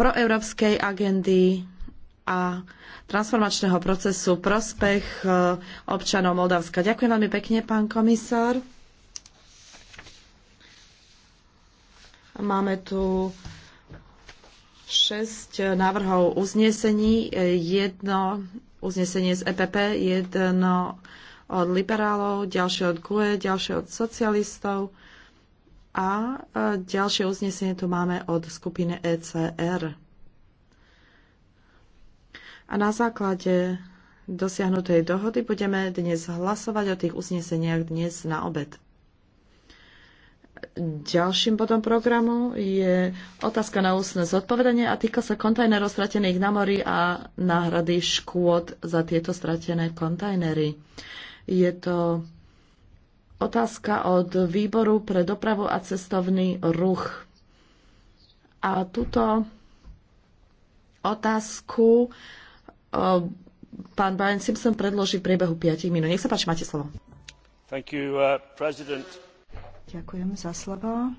proeurópskej agendy a transformačného procesu prospech e, občanov Moldavska. Ďakujem veľmi pekne, pán komisár. Máme tu 6 návrhov uznesení, e, jedno uznesenie z EPP, jedno od liberálov, ďalšie od GUE, ďalšie od socialistov, a e, ďalšie uznesenie tu máme od skupiny ECR. A na základe dosiahnutej dohody budeme dnes hlasovať o tých uzneseniach dnes na obed. Ďalším bodom programu je otázka na ústne zodpovedanie a týka sa kontajnerov stratených na mori a náhrady škôd za tieto stratené kontajnery. Je to otázka od výboru pre dopravu a cestovný ruch. A túto otázku e, pán Brian Simpson predloží v priebehu 5 minút. Nech sa páči, máte slovo. You, uh, Ďakujem za slovo.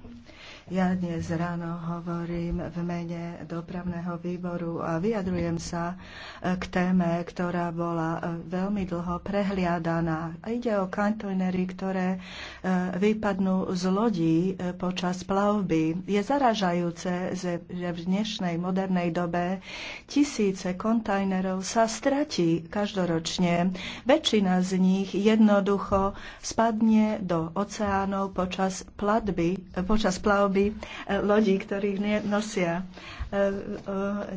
Ja dnes ráno hovorím v mene dopravného výboru a vyjadrujem sa e, k téme, ktorá bola e, veľmi dlho prehliadaná. Ide o kantojnery, ktoré e, vypadnú z lodí počas plavby. Je zaražajúce, že v dnešnej modernej dobe tisíce kontajnerov sa stratí každoročne. Väčšina z nich jednoducho spadne do oceánov počas, platby, počas plavby vody e, lodí, ktorých nosia e, e,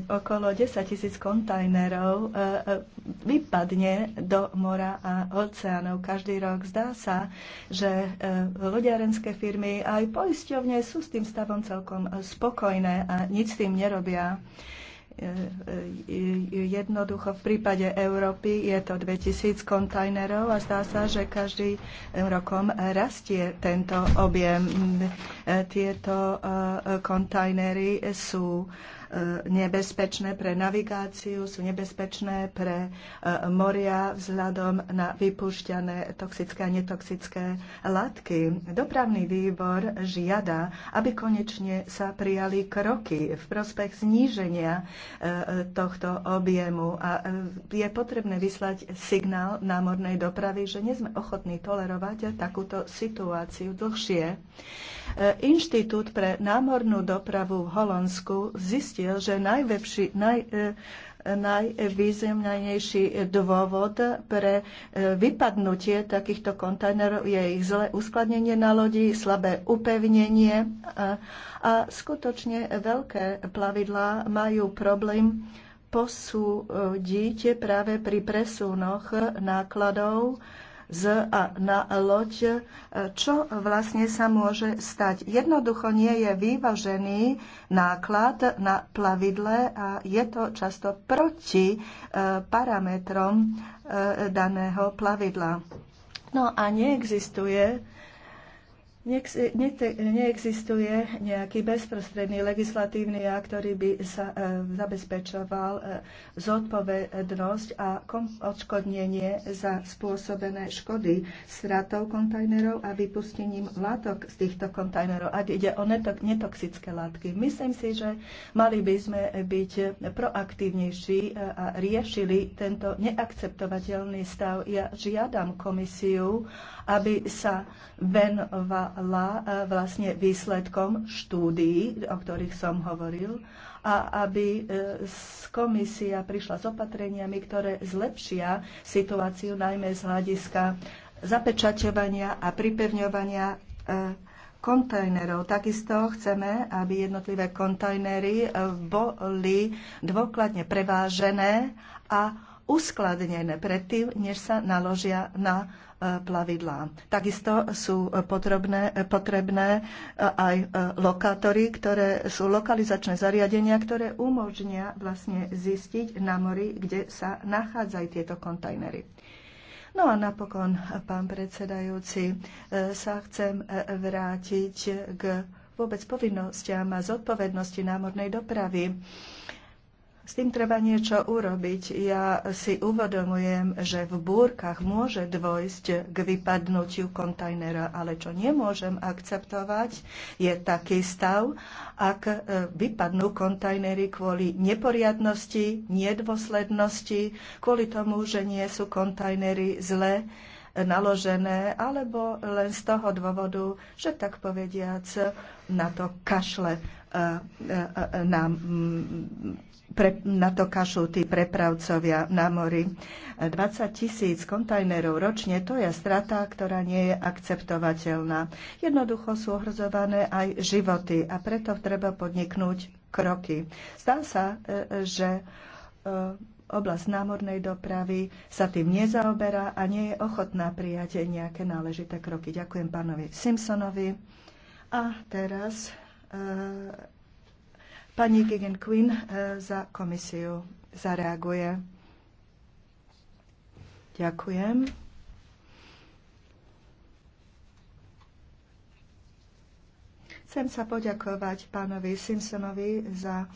okolo 10 tisíc kontajnerov vypadne do mora a oceánov každý rok. Zdá sa, že loďarenské firmy aj poisťovne sú s tým stavom celkom spokojné a nič s tým nerobia. Jednoducho v prípade Európy je to 2000 kontajnerov a zdá sa, že každý rokom rastie tento objem. Tieto eh, kontajnery sú nebezpečné pre navigáciu, sú nebezpečné pre e, moria vzhľadom na vypúšťané toxické a netoxické látky. Dopravný výbor žiada, aby konečne sa prijali kroky v prospech zníženia e, tohto objemu a e, je potrebné vyslať signál námornej dopravy, že nie sme ochotní tolerovať takúto situáciu dlhšie. E, Inštitút pre námornú dopravu v Holandsku zistil, že najväčší, naj, e, najvýznamnejší dôvod pre e, vypadnutie takýchto kontajnerov je ich zlé uskladnenie na lodi, slabé upevnenie a, a skutočne veľké plavidlá majú problém posúdiť práve pri presunoch nákladov z a na loď, e, čo vlastne sa môže stať. Jednoducho nie je vyvažený náklad na plavidle a je to často proti e, parametrom e, daného plavidla. No a neexistuje Neexistuje nejaký bezprostredný legislatívny akt, ktorý by sa e, zabezpečoval e, zodpovednosť a odškodnenie za spôsobené škody stratou kontajnerov a vypustením látok z týchto kontajnerov, ak ide o netoxické látky. Myslím si, že mali by sme byť proaktívnejší e, a riešili tento neakceptovateľný stav. Ja žiadam komisiu, aby sa venovala stala e, vlastne výsledkom štúdií, o ktorých som hovoril, a aby e, komisia prišla s opatreniami, ktoré zlepšia situáciu najmä z hľadiska zapečaťovania a pripevňovania e, kontajnerov. Takisto chceme, aby jednotlivé kontajnery boli dôkladne prevážené a uskladnené predtým, než sa naložia na plavidlá. Takisto sú potrebné, potrebné aj e, lokátory, ktoré sú lokalizačné zariadenia, ktoré umožnia vlastne zistiť na mori, kde sa nachádzajú tieto kontajnery. No a napokon, pán predsedajúci, e, sa chcem e, vrátiť k vôbec povinnostiam a zodpovednosti námornej dopravy s tým treba niečo urobiť. Ja si uvedomujem, že v búrkach môže dôjsť k vypadnutiu kontajnera, ale čo nemôžem akceptovať, je taký stav, ak e, vypadnú kontajnery kvôli neporiadnosti, nedôslednosti, kvôli tomu, že nie sú kontajnery zle e, naložené, alebo len z toho dôvodu, že tak povediac na to kašle e, nám pre, na to kašu tí prepravcovia na mori. 20 tisíc kontajnerov ročne, to je strata, ktorá nie je akceptovateľná. Jednoducho sú ohrozované aj životy a preto treba podniknúť kroky. Zdá sa, e, že e, oblasť námornej dopravy sa tým nezaoberá a nie je ochotná prijať nejaké náležité kroky. Ďakujem pánovi Simpsonovi. A teraz e, Pani Gigan Quinn eh, za komisiu zareaguje. Ďakujem. Chcem sa poďakovať pánovi Simpsonovi za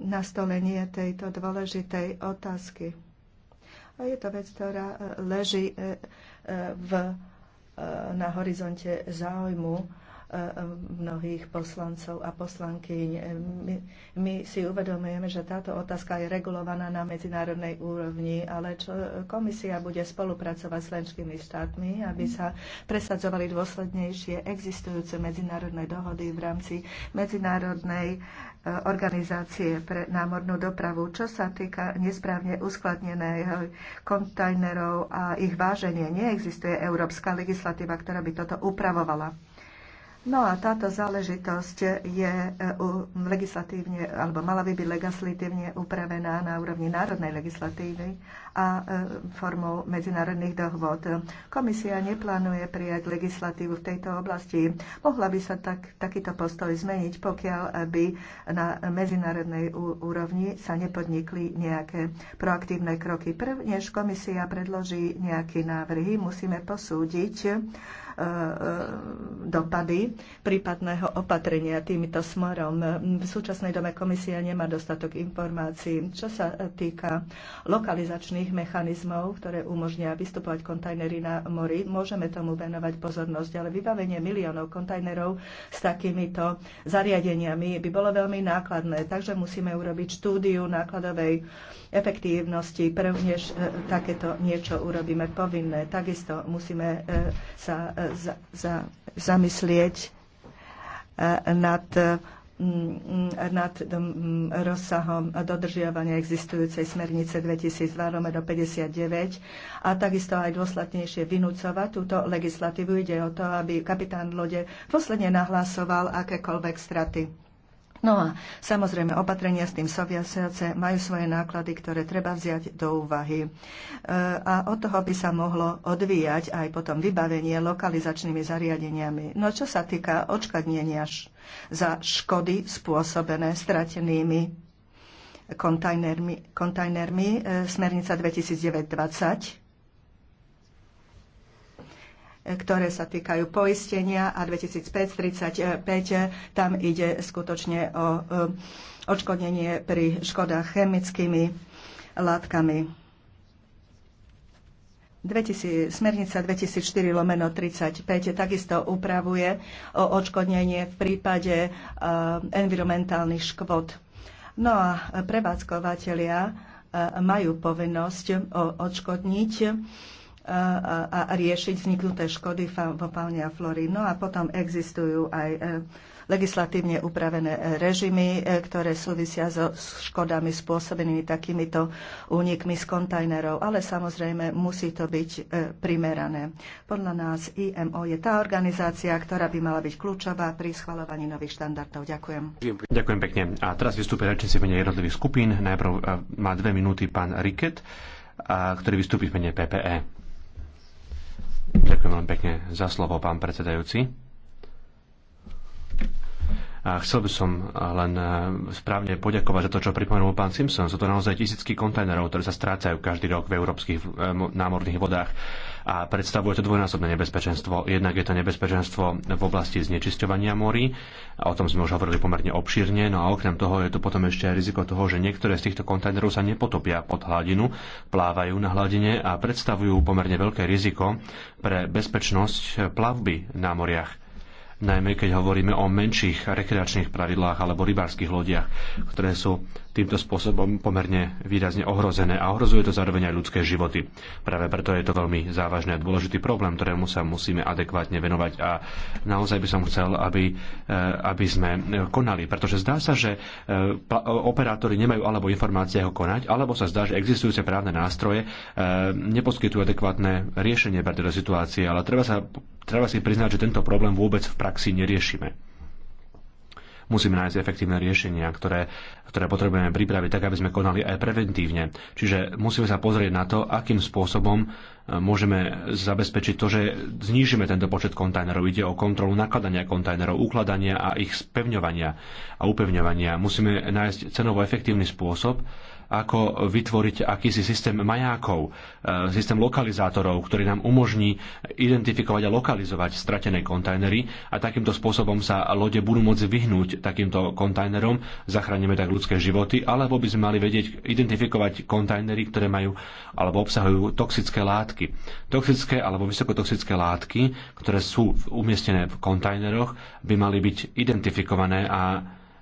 nastolenie tejto dôležitej otázky. A je to vec, ktorá eh, leží eh, v, na horizonte záujmu Eh, mnohých poslancov a poslankyň. Eh, my, my si uvedomujeme, že táto otázka je regulovaná na medzinárodnej úrovni, ale čo, komisia bude spolupracovať s členskými štátmi, aby sa presadzovali dôslednejšie existujúce medzinárodné dohody v rámci medzinárodnej eh, organizácie pre námornú dopravu, čo sa týka nesprávne uskladneného kontajnerov a ich váženie. Neexistuje európska legislatíva, ktorá by toto upravovala. No a táto záležitosť je e, legislatívne, alebo mala by byť legislatívne upravená na úrovni národnej legislatívy a e, formou medzinárodných dohôd. Komisia neplánuje prijať legislatívu v tejto oblasti. Mohla by sa tak, takýto postoj zmeniť, pokiaľ by na medzinárodnej úrovni sa nepodnikli nejaké proaktívne kroky. Prvnež než komisia predloží nejaké návrhy, musíme posúdiť e, e, dopady prípadného opatrenia týmto smorom. V súčasnej dome komisia nemá dostatok informácií. Čo sa týka lokalizačných rôznych mechanizmov, ktoré umožnia vystupovať kontajnery na mori. Môžeme tomu venovať pozornosť, ale vybavenie miliónov kontajnerov s takýmito zariadeniami by bolo veľmi nákladné, takže musíme urobiť štúdiu nákladovej efektívnosti, prvnež e, takéto niečo urobíme povinné. Takisto musíme e, sa e, za, za, zamyslieť nad Mm, nad mm, rozsahom dodržiavania existujúcej smernice 2002-59 a takisto aj dôslednejšie vynúcovať túto legislatívu. Ide o to, aby kapitán lode posledne nahlásoval akékoľvek straty. No a samozrejme opatrenia s tým soviasiace majú svoje náklady, ktoré treba vziať do úvahy. E, a od toho by sa mohlo odvíjať aj potom vybavenie lokalizačnými zariadeniami. No čo sa týka odškodnenia za škody spôsobené stratenými kontajnermi, kontajnermi e, smernica 2009 ktoré sa týkajú poistenia a 2535 tam ide skutočne o um, odškodnenie pri škodách chemickými látkami. 2000, smernica 2004 lomeno 35 takisto upravuje o odškodnenie v prípade uh, environmentálnych škôd. No a prevádzkovateľia uh, majú povinnosť odškodniť a, a riešiť vzniknuté škody vo fauni a flóry. No a potom existujú aj e, legislatívne upravené e, režimy, e, ktoré súvisia so škodami spôsobenými takýmito únikmi z kontajnerov, ale samozrejme musí to byť primerané. Podľa nás IMO je tá organizácia, ktorá by mala byť kľúčová pri schvalovaní nových štandardov. Ďakujem. Ďakujem pekne. A teraz vystúpia rečníci v jednotlivých skupín. Najprv má dve minúty pán Riket, ktorý vystúpi v mene PPE. Ďakujem veľmi pekne za slovo, pán predsedajúci. A chcel by som len e, správne poďakovať za to, čo pripomenul pán Simpson. Sú to naozaj tisícky kontajnerov, ktoré sa strácajú každý rok v európskych e, námorných vodách a predstavuje to dvojnásobné nebezpečenstvo. Jednak je to nebezpečenstvo v oblasti znečisťovania morí, o tom sme už hovorili pomerne obšírne, no a okrem toho je tu potom ešte aj riziko toho, že niektoré z týchto kontajnerov sa nepotopia pod hladinu, plávajú na hladine a predstavujú pomerne veľké riziko pre bezpečnosť plavby na moriach najmä keď hovoríme o menších rekreačných pravidlách alebo rybárskych lodiach, ktoré sú týmto spôsobom pomerne výrazne ohrozené a ohrozuje to zároveň aj ľudské životy. Práve preto je to veľmi závažný a dôležitý problém, ktorému sa musíme adekvátne venovať a naozaj by som chcel, aby, eh, aby sme konali, pretože zdá sa, že eh, operátori nemajú alebo informácie, ako konať, alebo sa zdá, že existujúce právne nástroje eh, neposkytujú adekvátne riešenie pre tejto situácie, ale treba, sa, treba si priznať, že tento problém vôbec v praxi neriešime. Musíme nájsť efektívne riešenia, ktoré, ktoré potrebujeme pripraviť tak, aby sme konali aj preventívne. Čiže musíme sa pozrieť na to, akým spôsobom e, môžeme zabezpečiť to, že znížime tento počet kontajnerov. Ide o kontrolu nakladania kontajnerov, ukladania a ich spevňovania a upevňovania. Musíme nájsť cenovo efektívny spôsob, ako vytvoriť akýsi systém majákov, e, systém lokalizátorov, ktorý nám umožní identifikovať a lokalizovať stratené kontajnery a takýmto spôsobom sa lode budú môcť vyhnúť takýmto kontajnerom, zachránime tak ľudské životy, alebo by sme mali vedieť identifikovať kontajnery, ktoré majú alebo obsahujú toxické látky. Toxické alebo vysokotoxické látky, ktoré sú umiestnené v kontajneroch, by mali byť identifikované a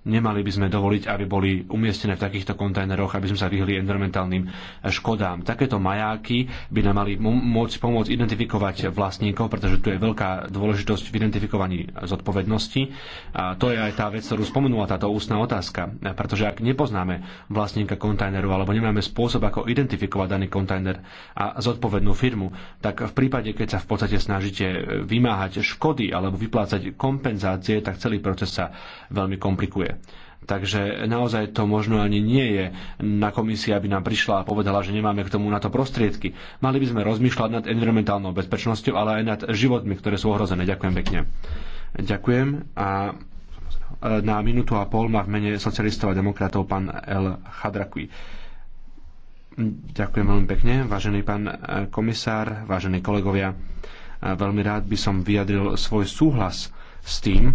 Nemali by sme dovoliť, aby boli umiestnené v takýchto kontajneroch, aby sme sa vyhli environmentálnym škodám. Takéto majáky by nám mali môcť pomôcť identifikovať vlastníkov, pretože tu je veľká dôležitosť v identifikovaní zodpovednosti. A to je aj tá vec, ktorú spomenula táto ústna otázka, pretože ak nepoznáme vlastníka kontajneru alebo nemáme spôsob, ako identifikovať daný kontajner a zodpovednú firmu, tak v prípade, keď sa v podstate snažíte vymáhať škody alebo vyplácať kompenzácie, tak celý proces sa veľmi komplikuje. Takže naozaj to možno ani nie je na komisii, aby nám prišla a povedala, že nemáme k tomu na to prostriedky. Mali by sme rozmýšľať nad environmentálnou bezpečnosťou, ale aj nad životmi, ktoré sú ohrozené. Ďakujem pekne. Ďakujem a e, na minútu a pol má v mene socialistov a demokratov pán El Chadrakui. Ďakujem veľmi pekne, vážený pán e, komisár, vážení kolegovia. E, veľmi rád by som vyjadril svoj súhlas s tým,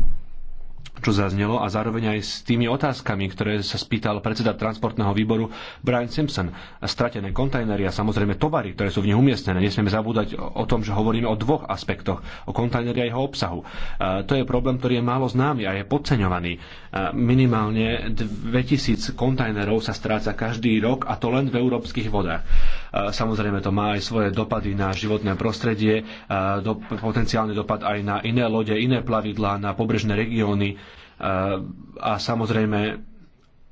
čo zaznelo a zároveň aj s tými otázkami, ktoré sa spýtal predseda transportného výboru Brian Simpson. Stratené kontajnery a samozrejme tovary, ktoré sú v nich umiestnené. Nesmieme zabúdať o tom, že hovoríme o dvoch aspektoch. O kontajneri a jeho obsahu. To je problém, ktorý je málo známy a je podceňovaný. Minimálne 2000 kontajnerov sa stráca každý rok a to len v európskych vodách. Samozrejme to má aj svoje dopady na životné prostredie, do, potenciálny dopad aj na iné lode, iné plavidlá, na pobrežné regióny a samozrejme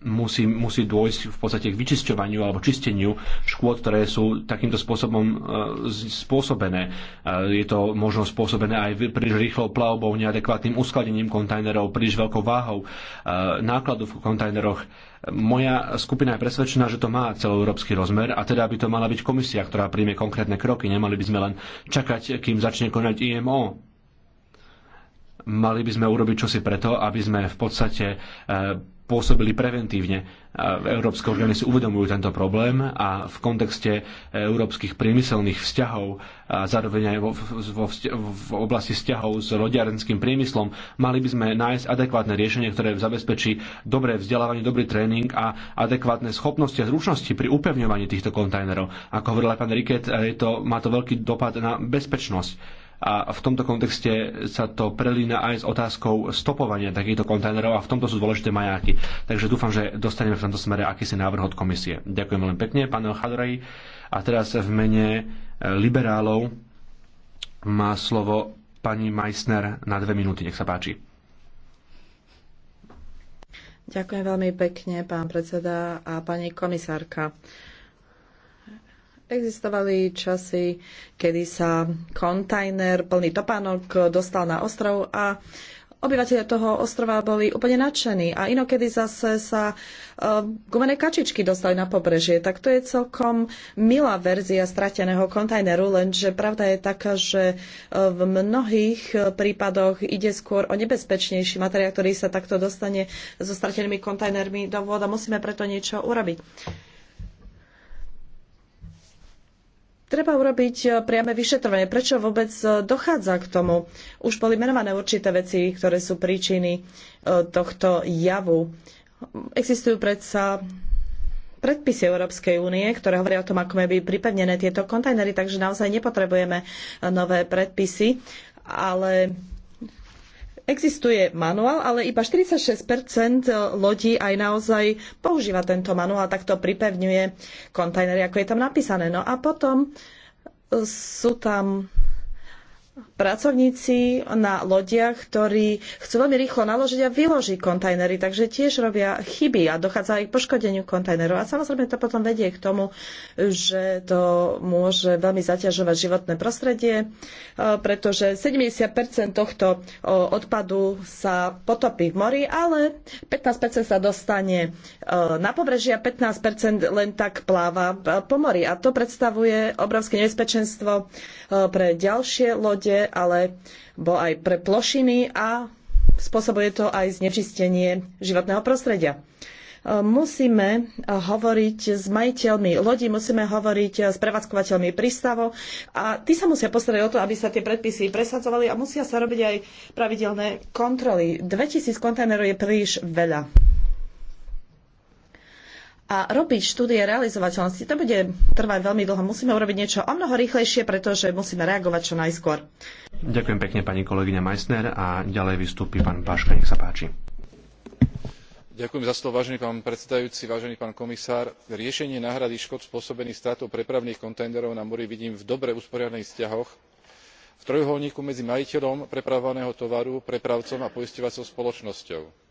musí, musí dôjsť v podstate k vyčisťovaniu alebo čisteniu škôd, ktoré sú takýmto spôsobom e, spôsobené. E, je to možno spôsobené aj príliš rýchlou plavbou, neadekvátnym uskladením kontajnerov, príliš veľkou váhou e, nákladu v kontajneroch. Moja skupina je presvedčená, že to má celoeurópsky rozmer a teda by to mala byť komisia, ktorá príjme konkrétne kroky. Nemali by sme len čakať, kým začne konať IMO mali by sme urobiť čosi preto, aby sme v podstate pôsobili preventívne. Európske orgány si uvedomujú tento problém a v kontexte európskych priemyselných vzťahov a zároveň aj vo, vo, v oblasti vzťahov s rodiarenským priemyslom mali by sme nájsť adekvátne riešenie, ktoré zabezpečí dobré vzdelávanie, dobrý tréning a adekvátne schopnosti a zručnosti pri upevňovaní týchto kontajnerov. Ako hovorila pán Riket, je to, má to veľký dopad na bezpečnosť a v tomto kontexte sa to prelína aj s otázkou stopovania takýchto kontajnerov a v tomto sú dôležité majáky. Takže dúfam, že dostaneme v tomto smere akýsi návrh od komisie. Ďakujem veľmi pekne, pán Elchadorej. A teraz v mene e, liberálov má slovo pani Meissner na dve minúty. Nech sa páči. Ďakujem veľmi pekne, pán predseda a pani komisárka. Existovali časy, kedy sa kontajner plný topánok dostal na ostrov a obyvateľe toho ostrova boli úplne nadšení a inokedy zase sa uh, gumené kačičky dostali na pobrežie. Tak to je celkom milá verzia strateného kontajneru, lenže pravda je taká, že e, v mnohých prípadoch ide skôr o nebezpečnejší materiál, ktorý sa takto dostane so stratenými kontajnermi do vôd a musíme preto niečo urobiť. Treba urobiť e, priame vyšetrovanie, prečo vôbec e, dochádza k tomu. Už boli menované určité veci, ktoré sú príčiny e, tohto javu. Existujú predsa predpisy Európskej únie, ktoré hovoria o tom, ako majú byť pripevnené tieto kontajnery, takže naozaj nepotrebujeme nové predpisy, ale Existuje manuál, ale iba 46 lodí aj naozaj používa tento manuál, tak to pripevňuje kontajnery, ako je tam napísané. No a potom sú tam pracovníci na lodiach, ktorí chcú veľmi rýchlo naložiť a vyložiť kontajnery, takže tiež robia chyby a dochádza aj k poškodeniu kontajnerov. A samozrejme to potom vedie k tomu, že to môže veľmi zaťažovať životné prostredie, e, pretože 70% tohto odpadu sa potopí v mori, ale 15% sa dostane e, na pobrežie a 15% len tak pláva e, po mori. A to predstavuje obrovské nebezpečenstvo pre ďalšie lode, vode, ale bol aj pre plošiny a spôsobuje to aj znečistenie životného prostredia. E, musíme e, hovoriť s majiteľmi lodí, musíme hovoriť e, s prevádzkovateľmi prístavov a tí sa musia postarať o to, aby sa tie predpisy presadzovali a musia sa robiť aj pravidelné kontroly. 2000 kontajnerov je príliš veľa a robiť štúdie realizovateľnosti, to bude trvať veľmi dlho. Musíme urobiť niečo o mnoho rýchlejšie, pretože musíme reagovať čo najskôr. Ďakujem pekne pani kolegyňa Meissner a ďalej vystúpi pán Paška, nech sa páči. Ďakujem za slovo, vážený pán predsedajúci, vážený pán komisár. Riešenie náhrady škod spôsobených stratou prepravných kontajnerov na mori vidím v dobre usporiadaných vzťahoch v trojuholníku medzi majiteľom prepravovaného tovaru prepravcom a poisťovacou spoločnosťou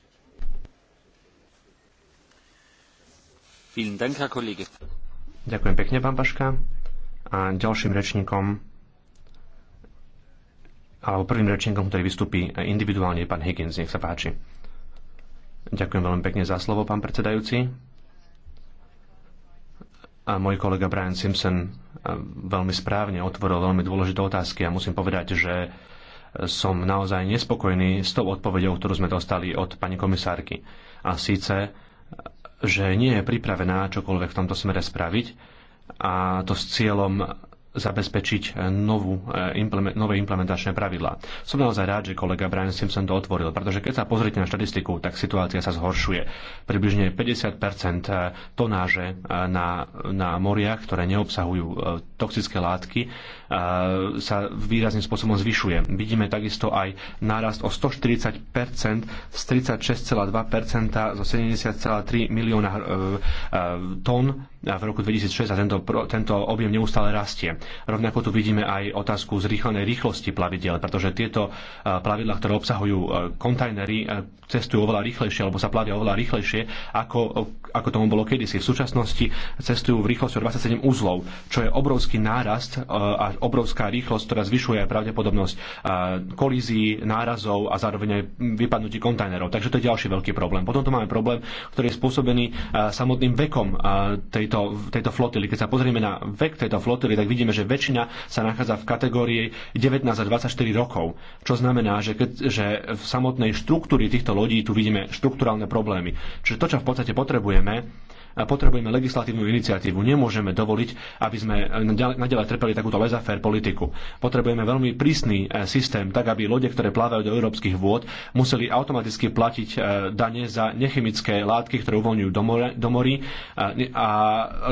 Ďakujem pekne, pán Paška. A ďalším rečníkom alebo prvým rečníkom, ktorý vystupí individuálne, je pán Higgins. Nech sa páči. Ďakujem veľmi pekne za slovo, pán predsedajúci. A môj kolega Brian Simpson e, veľmi správne otvoril veľmi dôležité otázky a musím povedať, že som naozaj nespokojný s tou odpovedou, ktorú sme dostali od pani komisárky. A síce že nie je pripravená čokoľvek v tomto smere spraviť a to s cieľom zabezpečiť novú, e, implement, nové implementačné pravidlá. Som naozaj rád, že kolega Brian Simpson to otvoril, pretože keď sa pozrite na štatistiku, tak situácia sa zhoršuje. Približne 50 e, tonáže e, na, na moriach, ktoré neobsahujú toxické látky, sa výrazným spôsobom zvyšuje. Vidíme takisto aj nárast o 140 z 36,2 zo 70,3 milióna e, e, tón v roku 2006 a tento, tento objem neustále rastie. Rovnako tu vidíme aj otázku zrýchlenej rýchlosti plavidel, pretože tieto e, plavidla, ktoré obsahujú kontajnery, cestujú oveľa rýchlejšie alebo sa plavia oveľa rýchlejšie, ako, ako tomu bolo kedysi. V súčasnosti cestujú v rýchlosti 27 uzlov, čo je obrovský nárast a obrovská rýchlosť, ktorá zvyšuje pravdepodobnosť kolízií, nárazov a zároveň aj vypadnutí kontajnerov. Takže to je ďalší veľký problém. Potom tu máme problém, ktorý je spôsobený samotným vekom tejto, tejto flotily. Keď sa pozrieme na vek tejto flotily, tak vidíme, že väčšina sa nachádza v kategórii 19 a 24 rokov, čo znamená, že, keď, že v samotnej štruktúre týchto lodí tu vidíme štruktúrálne problémy. Čiže to, čo v podstate potrebujeme, potrebujeme legislatívnu iniciatívu. Nemôžeme dovoliť, aby sme eh, nadalej trpeli takúto lezafér politiku. Potrebujeme veľmi prísny eh, systém, tak aby lode, ktoré plávajú do európskych vôd, museli automaticky platiť eh, dane za nechemické látky, ktoré uvoľňujú do morí a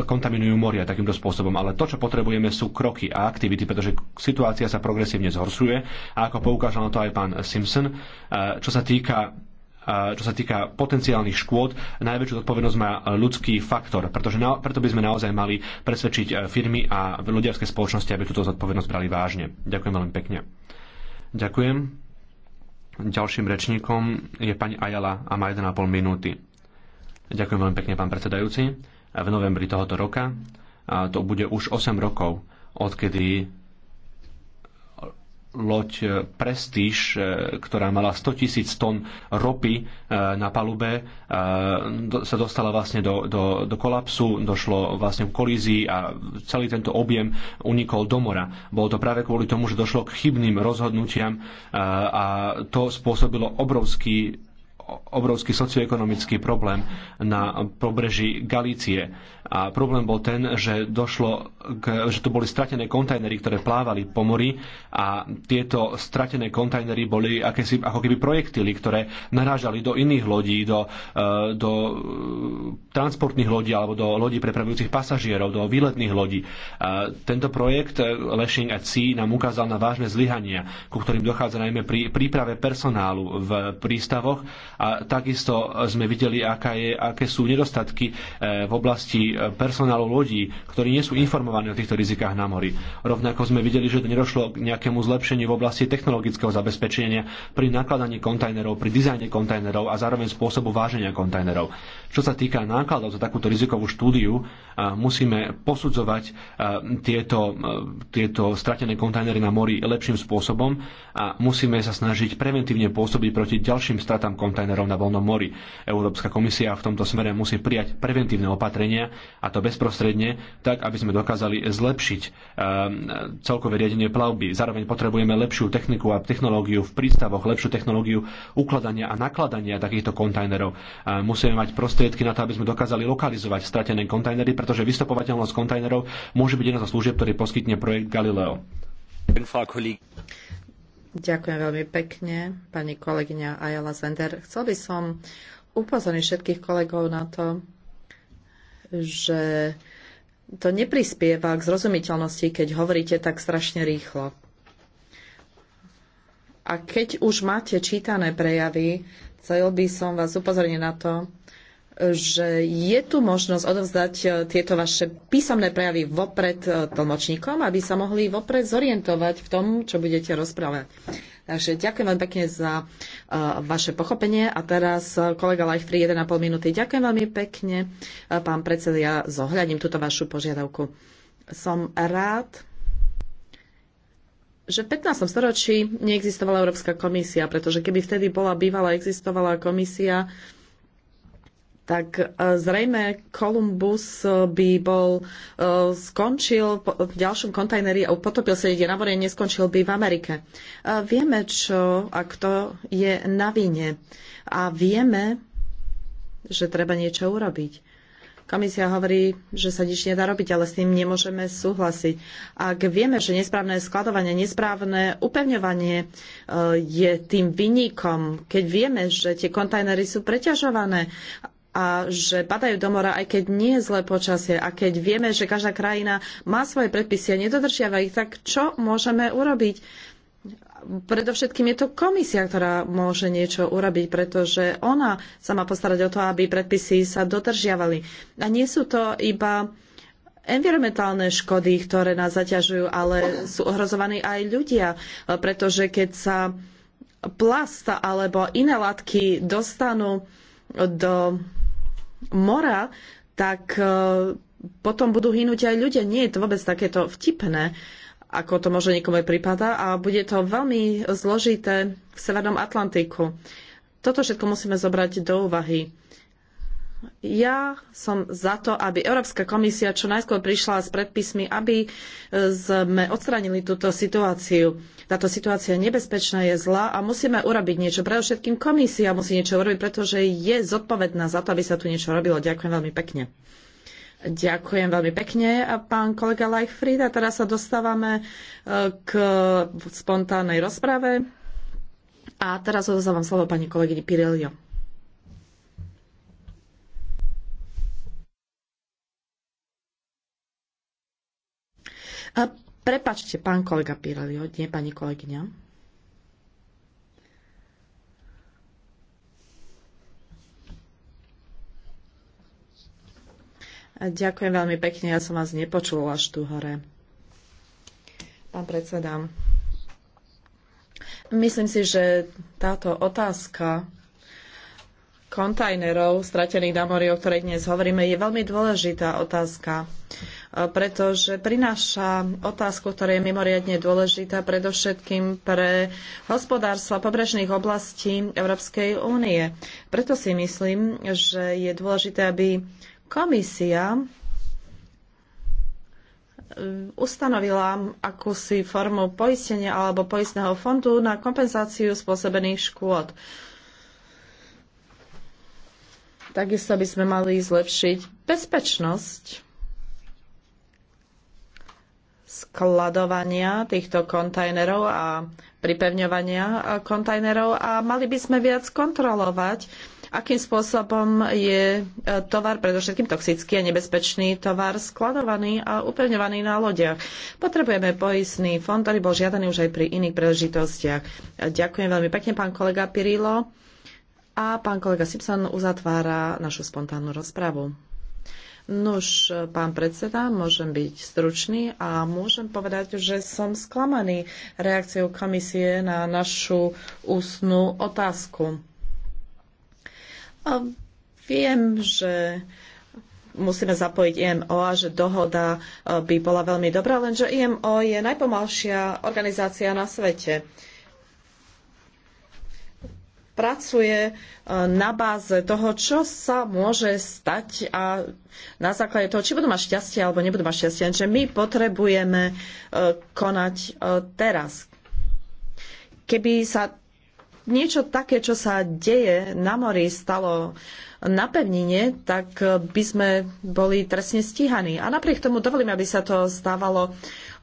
kontaminujú moria takýmto spôsobom. Ale to, čo potrebujeme, sú kroky a aktivity, pretože situácia sa progresívne zhoršuje a ako poukážal na to aj pán Simpson, čo sa týka čo sa týka potenciálnych škôd, najväčšiu zodpovednosť má ľudský faktor, pretože na, preto by sme naozaj mali presvedčiť e, firmy a ľudiavské spoločnosti, aby túto zodpovednosť brali vážne. Ďakujem veľmi pekne. Ďakujem. Ďalším rečníkom je pani Ajala a má 1,5 minúty. Ďakujem veľmi pekne, pán predsedajúci. V novembri tohoto roka, a to bude už 8 rokov, odkedy loď e, Prestige, ktorá mala 100 tisíc tón ropy e, na palube, e, sa dostala vlastne do, do, do kolapsu, došlo vlastne k kolízii a celý tento objem unikol do mora. Bolo to práve kvôli tomu, že došlo k chybným rozhodnutiam a to spôsobilo obrovský obrovský socioekonomický problém na pobreží Galície. A problém bol ten, že, došlo k, že tu boli stratené kontajnery, ktoré plávali po mori a tieto stratené kontajnery boli akési, ako keby projektily, ktoré narážali do iných lodí, do, e, do e, transportných lodí alebo do lodí prepravujúcich pasažierov, do výletných lodí. A tento projekt e, Lashing at Sea nám ukázal na vážne zlyhania, ku ktorým dochádza najmä pri príprave personálu v prístavoch a takisto sme videli, aká je, aké sú nedostatky e, v oblasti e, personálu lodí, ktorí nie sú informovaní o týchto rizikách na mori. Rovnako sme videli, že to nedošlo k nejakému zlepšeniu v oblasti technologického zabezpečenia pri nakladaní kontajnerov, pri dizajne kontajnerov a zároveň spôsobu váženia kontajnerov. Čo sa týka nákladov za takúto rizikovú štúdiu, e, musíme posudzovať e, tieto, e, tieto stratené kontajnery na mori lepším spôsobom a musíme sa snažiť preventívne pôsobiť proti ďalším stratám kontajnerov na voľnom mori. Európska komisia v tomto smere musí prijať preventívne opatrenia a to bezprostredne, tak aby sme dokázali zlepšiť celkové riadenie plavby. Zároveň potrebujeme lepšiu techniku a technológiu v prístavoch, lepšiu technológiu ukladania a nakladania takýchto kontajnerov. Musíme mať prostredie prostriedky na to, aby sme dokázali lokalizovať stratené kontajnery, pretože vystopovateľnosť kontajnerov môže byť jedna zo služieb, ktorý poskytne projekt Galileo. Ďakujem veľmi pekne, pani kolegyňa Ayala Zender. Chcel by som upozorniť všetkých kolegov na to, že to neprispieva k zrozumiteľnosti, keď hovoríte tak strašne rýchlo. A keď už máte čítané prejavy, chcel by som vás upozorniť na to, že je tu možnosť odovzdať e, tieto vaše písomné prejavy vopred e, tlmočníkom, aby sa mohli vopred zorientovať v tom, čo budete rozprávať. Takže ďakujem veľmi pekne za uh, vaše pochopenie. A teraz kolega Lajfri, 1,5 minúty. Ďakujem veľmi pekne, pán predseda, ja zohľadím túto vašu požiadavku. Som rád, že v 15. storočí neexistovala Európska komisia, pretože keby vtedy bola bývala existovala komisia, uh, tak e, zrejme Kolumbus e, by bol e, skončil v ďalšom kontajneri a potopil sa ide na more, neskončil by v Amerike. Vieme, čo a kto je na vine. A vieme, že treba niečo urobiť. Komisia hovorí, že sa nič nedá robiť, ale s tým nemôžeme súhlasiť. Ak vieme, že nesprávne skladovanie, nesprávne upevňovanie je tým vynikom, keď vieme, že tie kontajnery sú preťažované a že padajú do mora, aj keď nie je zlé počasie a keď vieme, že každá krajina má svoje predpisy a nedodržiava ich, tak čo môžeme urobiť? Predovšetkým je to komisia, ktorá môže niečo urobiť, pretože ona sa má postarať o to, aby predpisy sa dodržiavali. A nie sú to iba environmentálne škody, ktoré nás zaťažujú, ale sú ohrozovaní aj ľudia, pretože keď sa plast alebo iné látky dostanú do mora, tak e, potom budú hynúť aj ľudia. Nie je to vôbec takéto vtipné, ako to možno niekomu prípada a bude to veľmi zložité v Severnom Atlantiku. Toto všetko musíme zobrať do úvahy ja som za to, aby Európska komisia čo najskôr prišla s predpismi, aby e, sme odstránili túto situáciu. Táto situácia je nebezpečná, je zlá a musíme urobiť niečo. Pre všetkým komisia musí niečo urobiť, pretože je zodpovedná za to, aby sa tu niečo robilo. Ďakujem veľmi pekne. Ďakujem veľmi pekne, pán kolega Leichfried. A teraz sa dostávame e, k spontánnej rozprave. A teraz odozávam slovo pani kolegyni Pirelio. A prepačte, pán kolega Pirelio, nie pani kolegyňa. Ďakujem veľmi pekne, ja som vás nepočul až tu hore. Pán predseda, myslím si, že táto otázka kontajnerov stratených na mori, o ktorej dnes hovoríme, je veľmi dôležitá otázka, e, pretože prináša otázku, ktorá je mimoriadne dôležitá predovšetkým pre hospodárstva pobrežných oblastí Európskej únie. Preto si myslím, že je dôležité, aby komisia e, ustanovila akúsi formu poistenia alebo poistného fondu na kompenzáciu spôsobených škôd. Takisto by sme mali zlepšiť bezpečnosť skladovania týchto kontajnerov a pripevňovania kontajnerov a mali by sme viac kontrolovať, akým spôsobom je e, tovar, predovšetkým toxický a nebezpečný tovar, skladovaný a upevňovaný na lodiach. Potrebujeme poistný fond, ktorý bol žiadaný už aj pri iných príležitostiach. E, ďakujem veľmi pekne, pán kolega Pirilo. A pán kolega Simpson uzatvára našu spontánnu rozpravu. Nuž, pán predseda, môžem byť stručný a môžem povedať, že som sklamaný reakciou komisie na našu ústnú otázku. A viem, že musíme zapojiť IMO a že dohoda eh, by bola veľmi dobrá, lenže IMO je najpomalšia organizácia na svete pracuje e, na báze toho, čo sa môže stať a na základe toho, či budú mať šťastie alebo nebudú mať šťastie. Že my potrebujeme e, konať e, teraz. Keby sa niečo také, čo sa deje na mori, stalo na pevnine, tak by sme boli trestne stíhaní. A napriek tomu dovolím, aby sa to stávalo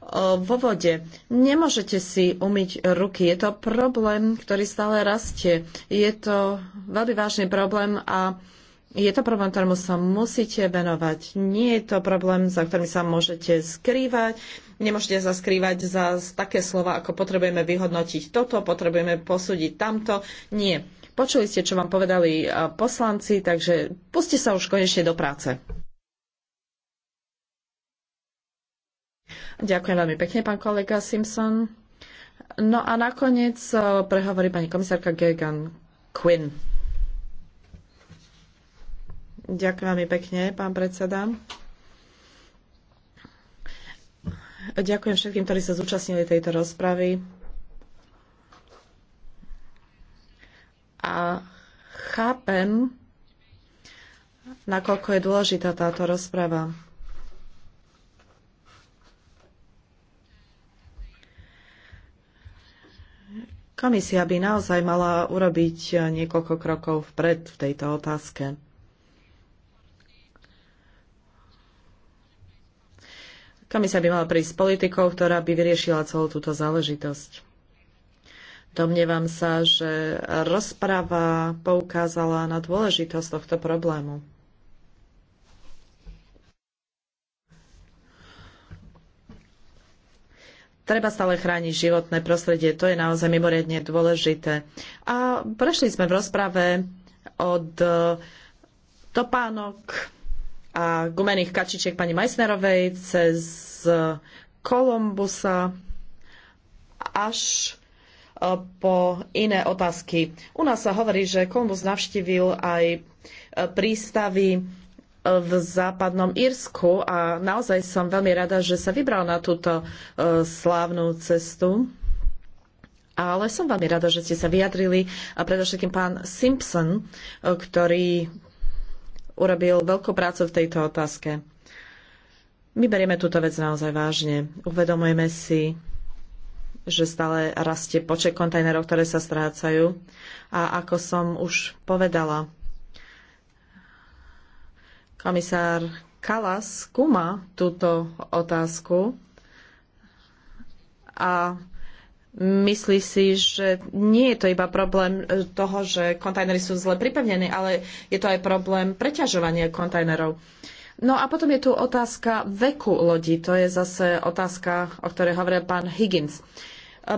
E, vo vode. Nemôžete si umyť ruky. Je to problém, ktorý stále rastie. Je to veľmi vážny problém a je to problém, ktorému sa musíte venovať. Nie je to problém, za ktorým sa môžete skrývať. Nemôžete sa skrývať za také slova, ako potrebujeme vyhodnotiť toto, potrebujeme posúdiť tamto. Nie. Počuli ste, čo vám povedali e, poslanci, takže puste sa už konečne do práce. Ďakujem veľmi pekne, pán kolega Simpson. No a nakoniec eh, prehovorí pani komisárka Gergan Quinn. Ďakujem veľmi pekne, pán predseda. Ďakujem všetkým, ktorí sa zúčastnili tejto rozpravy. A chápem, nakoľko je dôležitá táto rozprava. Komisia by naozaj mala urobiť eh, niekoľko krokov vpred v tejto otázke. Komisia by mala prísť s politikou, ktorá by vyriešila celú túto záležitosť. Domnievam sa, že rozprava poukázala na dôležitosť tohto problému. Treba stále chrániť životné prostredie, to je naozaj mimoriadne dôležité. A prešli sme v rozprave od e, topánok a gumených kačičiek pani Meissnerovej cez Kolumbusa až e, po iné otázky. U nás sa hovorí, že Kolumbus navštívil aj e, prístavy v západnom Írsku a naozaj som veľmi rada, že sa vybral na túto e, slávnu cestu. Ale som veľmi rada, že ste sa vyjadrili a predovšetkým pán Simpson, e, ktorý urobil veľkú prácu v tejto otázke. My berieme túto vec naozaj vážne. Uvedomujeme si, že stále rastie počet kontajnerov, ktoré sa strácajú. A ako som už povedala, Komisár Kalas skúma túto otázku a myslí si, že nie je to iba problém e, toho, že kontajnery sú zle pripevnené, ale je to aj problém preťažovania kontajnerov. No a potom je tu otázka veku lodí. To je zase otázka, o ktorej hovoril pán Higgins. E,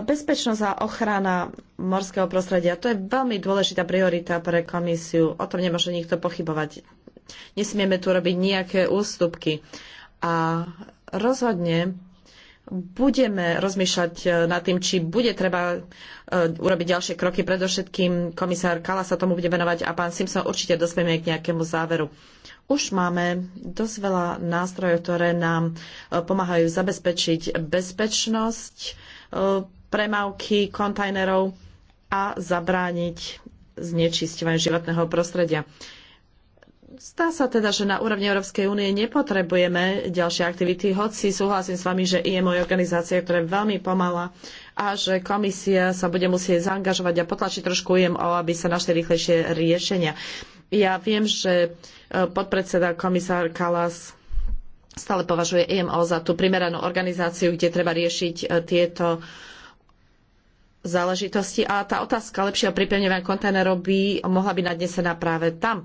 bezpečnosť a ochrana morského prostredia, to je veľmi dôležitá priorita pre komisiu. O tom nemôže nikto pochybovať. Nesmieme tu robiť nejaké ústupky. A rozhodne budeme rozmýšľať e, nad tým, či bude treba e, urobiť ďalšie kroky. Predovšetkým komisár Kala sa tomu bude venovať a pán Simpson určite dospieme k nejakému záveru. Už máme dosť veľa nástrojov, ktoré nám e, pomáhajú zabezpečiť bezpečnosť premávky kontajnerov a zabrániť znečisťovaniu životného prostredia. Zdá sa teda, že na úrovni Európskej únie nepotrebujeme ďalšie aktivity, hoci súhlasím s vami, že IMO je organizácia, ktorá je veľmi pomalá a že komisia sa bude musieť zaangažovať a potlačiť trošku IMO, aby sa našli rýchlejšie riešenia. Ja viem, že e, podpredseda komisár Kalas stále považuje IMO za tú primeranú organizáciu, kde treba riešiť e, tieto záležitosti a tá otázka lepšieho pripevňovania kontajnerov by mohla byť nadnesená práve tam. E,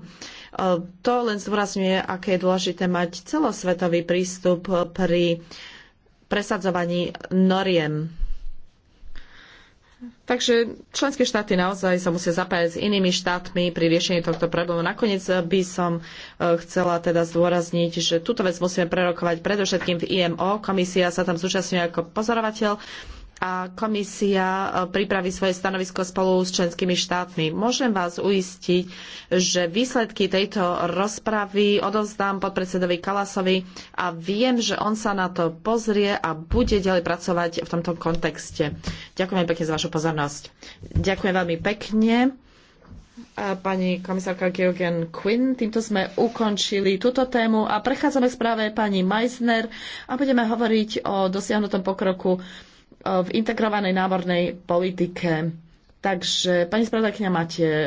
to len zdôrazňuje, aké je dôležité mať celosvetový prístup pri presadzovaní noriem. Takže členské štáty naozaj sa musia zapájať s inými štátmi pri riešení tohto problému. Nakoniec by som e, chcela teda zdôrazniť, že túto vec musíme prerokovať predovšetkým v IMO. Komisia sa tam zúčastňuje ako pozorovateľ a komisia e, pripraví svoje stanovisko spolu s členskými štátmi. Môžem vás uistiť, že výsledky tejto rozpravy odovzdám podpredsedovi Kalasovi a viem, že on sa na to pozrie a bude ďalej pracovať v tomto kontexte. Ďakujem pekne za vašu pozornosť. Ďakujem veľmi pekne. Pani komisárka Georgian Quinn, týmto sme ukončili túto tému a prechádzame k správe pani Meissner a budeme hovoriť o dosiahnutom pokroku v integrovanej námornej politike. Takže, pani spravodajkňa, máte